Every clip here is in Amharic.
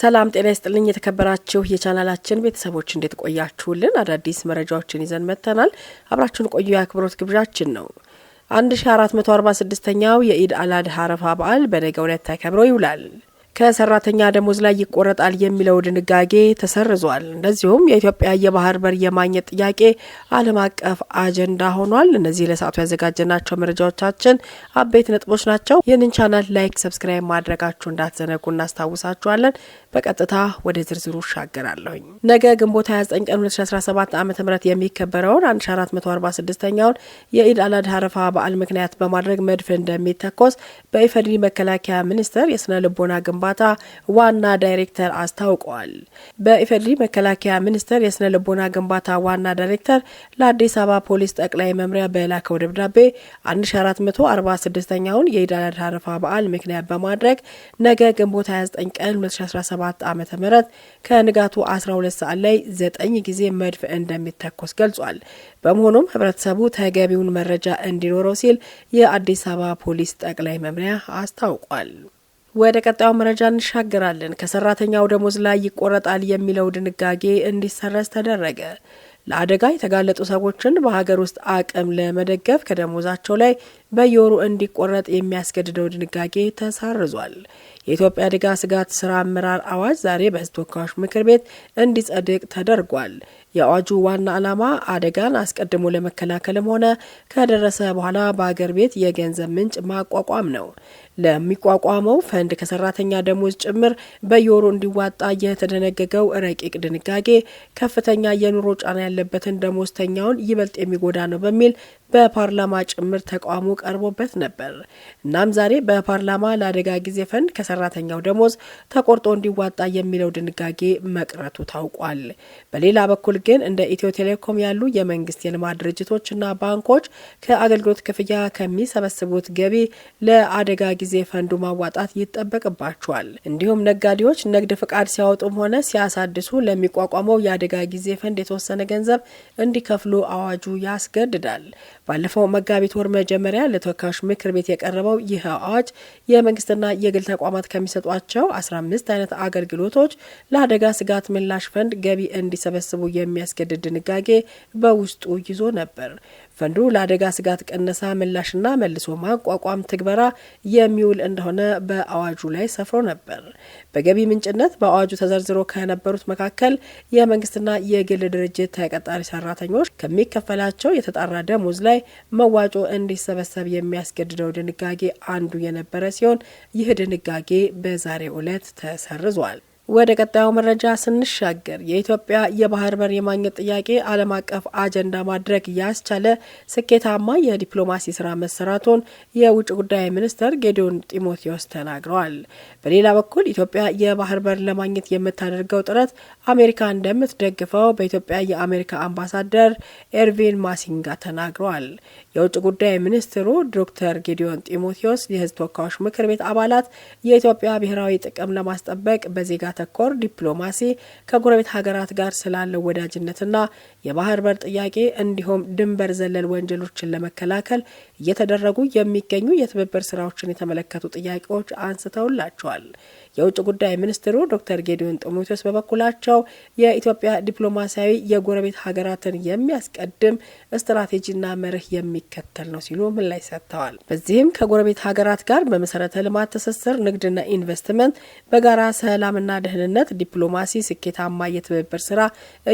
ሰላም ጤና ይስጥልኝ። የተከበራችሁ የቻናላችን ቤተሰቦች እንዴት ቆያችሁልን? አዳዲስ መረጃዎችን ይዘን መጥተናል። አብራችሁን ቆዩ የአክብሮት ግብዣችን ነው። 1446ኛው የኢድ አል አድሃ አረፋ በዓል በነገው ዕለት ተከብሮ ይውላል። ከሰራተኛ ደሞዝ ላይ ይቆረጣል የሚለው ድንጋጌ ተሰርዟል። እንደዚሁም የኢትዮጵያ የባህር በር የማግኘት ጥያቄ ዓለም አቀፍ አጀንዳ ሆኗል። እነዚህ ለሰዓቱ ያዘጋጀናቸው መረጃዎቻችን አበይት ነጥቦች ናቸው። ይህንን ቻናል ላይክ፣ ሰብስክራይብ ማድረጋችሁ እንዳትዘነጉ እናስታውሳችኋለን። በቀጥታ ወደ ዝርዝሩ እሻገራለሁኝ። ነገ ግንቦት 29 ቀን 2017 ዓ ም የሚከበረውን 1446ኛውን የኢድ አላድ ሀረፋ በዓል ምክንያት በማድረግ መድፍ እንደሚተኮስ በኢፌዴሪ መከላከያ ሚኒስቴር የስነ ልቦና ግንባ ግንባታ ዋና ዳይሬክተር አስታውቀዋል። በኢፌዴሪ መከላከያ ሚኒስቴር የስነ ልቦና ግንባታ ዋና ዳይሬክተር ለአዲስ አበባ ፖሊስ ጠቅላይ መምሪያ በላከው ደብዳቤ 1446ኛውን የኢድ አል አድሃ አረፋ በዓል ምክንያት በማድረግ ነገ ግንቦት 29 ቀን 2017 ዓ ም ከንጋቱ 12 ሰዓት ላይ ዘጠኝ ጊዜ መድፍ እንደሚተኮስ ገልጿል። በመሆኑም ህብረተሰቡ ተገቢውን መረጃ እንዲኖረው ሲል የአዲስ አበባ ፖሊስ ጠቅላይ መምሪያ አስታውቋል። ወደ ቀጣዩ መረጃ እንሻገራለን። ከሰራተኛው ደሞዝ ላይ ይቆረጣል የሚለው ድንጋጌ እንዲሰረዝ ተደረገ። ለአደጋ የተጋለጡ ሰዎችን በሀገር ውስጥ አቅም ለመደገፍ ከደሞዛቸው ላይ በየወሩ እንዲቆረጥ የሚያስገድደው ድንጋጌ ተሰርዟል። የኢትዮጵያ አደጋ ስጋት ስራ አመራር አዋጅ ዛሬ በሕዝብ ተወካዮች ምክር ቤት እንዲጸድቅ ተደርጓል። የአዋጁ ዋና ዓላማ አደጋን አስቀድሞ ለመከላከልም ሆነ ከደረሰ በኋላ በአገር ቤት የገንዘብ ምንጭ ማቋቋም ነው። ለሚቋቋመው ፈንድ ከሰራተኛ ደሞዝ ጭምር በየወሩ እንዲዋጣ የተደነገገው ረቂቅ ድንጋጌ ከፍተኛ የኑሮ ጫና ያለበትን ደሞዝተኛውን ይበልጥ የሚጎዳ ነው በሚል በፓርላማ ጭምር ተቃውሞ ቀርቦበት ነበር። እናም ዛሬ በፓርላማ ለአደጋ ጊዜ ፈንድ ከሰራተኛው ደሞዝ ተቆርጦ እንዲዋጣ የሚለው ድንጋጌ መቅረቱ ታውቋል። በሌላ በኩል ግን እንደ ኢትዮ ቴሌኮም ያሉ የመንግስት የልማት ድርጅቶችና ባንኮች ከአገልግሎት ክፍያ ከሚሰበስቡት ገቢ ለአደጋ ጊዜ ፈንዱ ማዋጣት ይጠበቅባቸዋል። እንዲሁም ነጋዴዎች ንግድ ፍቃድ ሲያወጡም ሆነ ሲያሳድሱ ለሚቋቋመው የአደጋ ጊዜ ፈንድ የተወሰነ ገንዘብ እንዲከፍሉ አዋጁ ያስገድዳል። ባለፈው መጋቢት ወር መጀመሪያ ለተወካዮች ምክር ቤት የቀረበው ይህ አዋጅ የመንግስትና የግል ተቋማት ከሚሰጧቸው 15 አይነት አገልግሎቶች ለአደጋ ስጋት ምላሽ ፈንድ ገቢ እንዲሰበስቡ የሚያስገድድ ድንጋጌ በውስጡ ይዞ ነበር። ፈንዱ ለአደጋ ስጋት ቀነሳ ምላሽና መልሶ ማቋቋም ትግበራ የሚውል እንደሆነ በአዋጁ ላይ ሰፍሮ ነበር። በገቢ ምንጭነት በአዋጁ ተዘርዝሮ ከነበሩት መካከል የመንግስትና የግል ድርጅት ተቀጣሪ ሰራተኞች ከሚከፈላቸው የተጣራ ደሞዝ ላይ መዋጮ እንዲሰበሰብ የሚያስገድደው ድንጋጌ አንዱ የነበረ ሲሆን ይህ ድንጋጌ በዛሬው ዕለት ተሰርዟል። ወደ ቀጣዩ መረጃ ስንሻገር የኢትዮጵያ የባህር በር የማግኘት ጥያቄ ዓለም አቀፍ አጀንዳ ማድረግ ያስቻለ ስኬታማ የዲፕሎማሲ ስራ መሰራቱን የውጭ ጉዳይ ሚኒስትር ጌዲዮን ጢሞቴዎስ ተናግረዋል። በሌላ በኩል ኢትዮጵያ የባህር በር ለማግኘት የምታደርገው ጥረት አሜሪካ እንደምትደግፈው በኢትዮጵያ የአሜሪካ አምባሳደር ኤርቪን ማሲንጋ ተናግረዋል። የውጭ ጉዳይ ሚኒስትሩ ዶክተር ጌዲዮን ጢሞቴዎስ የህዝብ ተወካዮች ምክር ቤት አባላት የኢትዮጵያ ብሔራዊ ጥቅም ለማስጠበቅ በዜጋ ተኮር ዲፕሎማሲ ከጎረቤት ሀገራት ጋር ስላለው ወዳጅነትና የባህር በር ጥያቄ እንዲሁም ድንበር ዘለል ወንጀሎችን ለመከላከል እየተደረጉ የሚገኙ የትብብር ስራዎችን የተመለከቱ ጥያቄዎች አንስተውላቸዋል። የውጭ ጉዳይ ሚኒስትሩ ዶክተር ጌዲዮን ጢሞቴዎስ በበኩላቸው የኢትዮጵያ ዲፕሎማሲያዊ የጎረቤት ሀገራትን የሚያስቀድም ስትራቴጂና መርህ የሚከተል ነው ሲሉ ምላሽ ሰጥተዋል። በዚህም ከጎረቤት ሀገራት ጋር በመሰረተ ልማት ትስስር፣ ንግድና ኢንቨስትመንት፣ በጋራ ሰላምና ደህንነት፣ ዲፕሎማሲ ስኬታማ የትብብር ስራ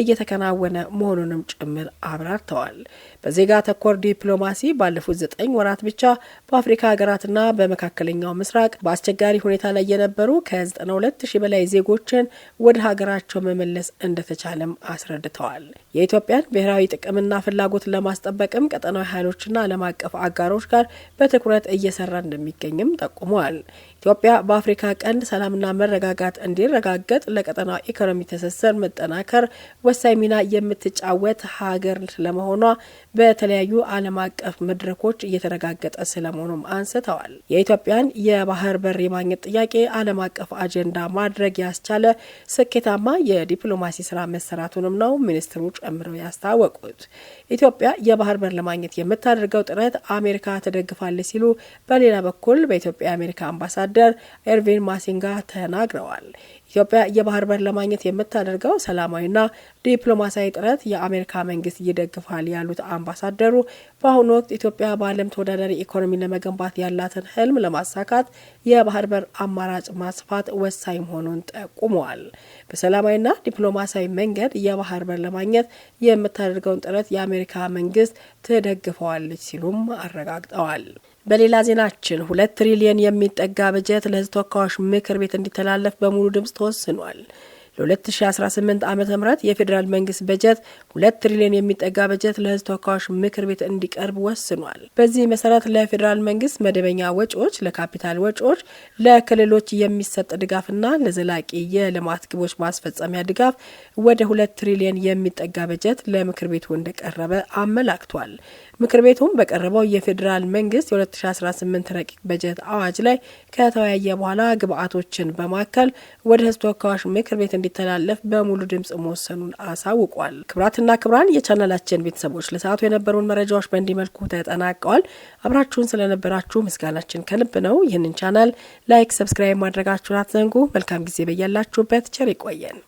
እየተከናወነ መሆኑንም ጭምር አብራርተዋል። በዜጋ ተኮር ዲፕሎማሲ ባለፉት ዘጠኝ ወራት ብቻ በአፍሪካ ሀገራትና በመካከለኛው ምስራቅ በአስቸጋሪ ሁኔታ ላይ የነበሩ ከ92 ሺ በላይ ዜጎችን ወደ ሀገራቸው መመለስ እንደተቻለም አስረድተዋል። የኢትዮጵያን ብሔራዊ ጥቅምና ፍላጎት ለማስጠበቅም ቀጠናዊ ኃይሎችና ዓለም አቀፍ አጋሮች ጋር በትኩረት እየሰራ እንደሚገኝም ጠቁመዋል። ኢትዮጵያ በአፍሪካ ቀንድ ሰላምና መረጋጋት እንዲረጋገጥ ለቀጠናው ኢኮኖሚ ትስስር መጠናከር ወሳኝ ሚና የምትጫወት ሀገር ለመሆኗ ። በተለያዩ ዓለም አቀፍ መድረኮች እየተረጋገጠ ስለመሆኑም አንስተዋል። የኢትዮጵያን የባህር በር የማግኘት ጥያቄ ዓለም አቀፍ አጀንዳ ማድረግ ያስቻለ ስኬታማ የዲፕሎማሲ ስራ መሰራቱንም ነው ሚኒስትሩ ጨምረው ያስታወቁት። ኢትዮጵያ የባህር በር ለማግኘት የምታደርገው ጥረት አሜሪካ ትደግፋለች ሲሉ በሌላ በኩል በኢትዮጵያ የአሜሪካ አምባሳደር ኤርቪን ማሲንጋ ተናግረዋል። ኢትዮጵያ የባህር በር ለማግኘት የምታደርገው ሰላማዊና ዲፕሎማሲያዊ ጥረት የአሜሪካ መንግስት ይደግፋል ያሉት አምባሳደሩ በአሁኑ ወቅት ኢትዮጵያ በዓለም ተወዳዳሪ ኢኮኖሚ ለመገንባት ያላትን ህልም ለማሳካት የባህር በር አማራጭ ማስፋት ወሳኝ መሆኑን ጠቁመዋል። በሰላማዊና ዲፕሎማሲያዊ መንገድ የባህር በር ለማግኘት የምታደርገውን ጥረት የአሜሪካ መንግስት ትደግፈዋለች ሲሉም አረጋግጠዋል። በሌላ ዜናችን ሁለት ትሪሊየን የሚጠጋ በጀት ለህዝብ ተወካዮች ምክር ቤት እንዲተላለፍ በሙሉ ድምፅ ተወስኗል። ለ2018 ዓ ም የፌዴራል መንግስት በጀት ሁለት ትሪሊዮን የሚጠጋ በጀት ለህዝብ ተወካዮች ምክር ቤት እንዲቀርብ ወስኗል። በዚህ መሰረት ለፌዴራል መንግስት መደበኛ ወጪዎች፣ ለካፒታል ወጪዎች፣ ለክልሎች የሚሰጥ ድጋፍና ለዘላቂ የልማት ግቦች ማስፈጸሚያ ድጋፍ ወደ ሁለት ትሪሊዮን የሚጠጋ በጀት ለምክር ቤቱ እንደቀረበ አመላክቷል። ምክር ቤቱም በቀረበው የፌዴራል መንግስት የ2018 ረቂቅ በጀት አዋጅ ላይ ከተወያየ በኋላ ግብአቶችን በማካከል ወደ ህዝብ ተወካዮች ምክር ቤት እንዲተላለፍ በሙሉ ድምፅ መወሰኑን አሳውቋል። ክብራትና ክብራን የቻናላችን ቤተሰቦች ለሰዓቱ የነበሩን መረጃዎች በእንዲህ መልኩ ተጠናቀዋል። አብራችሁን ስለነበራችሁ ምስጋናችን ከልብ ነው። ይህንን ቻናል ላይክ፣ ሰብስክራይብ ማድረጋችሁን አትዘንጉ። መልካም ጊዜ በያላችሁበት ቸር ይቆየን።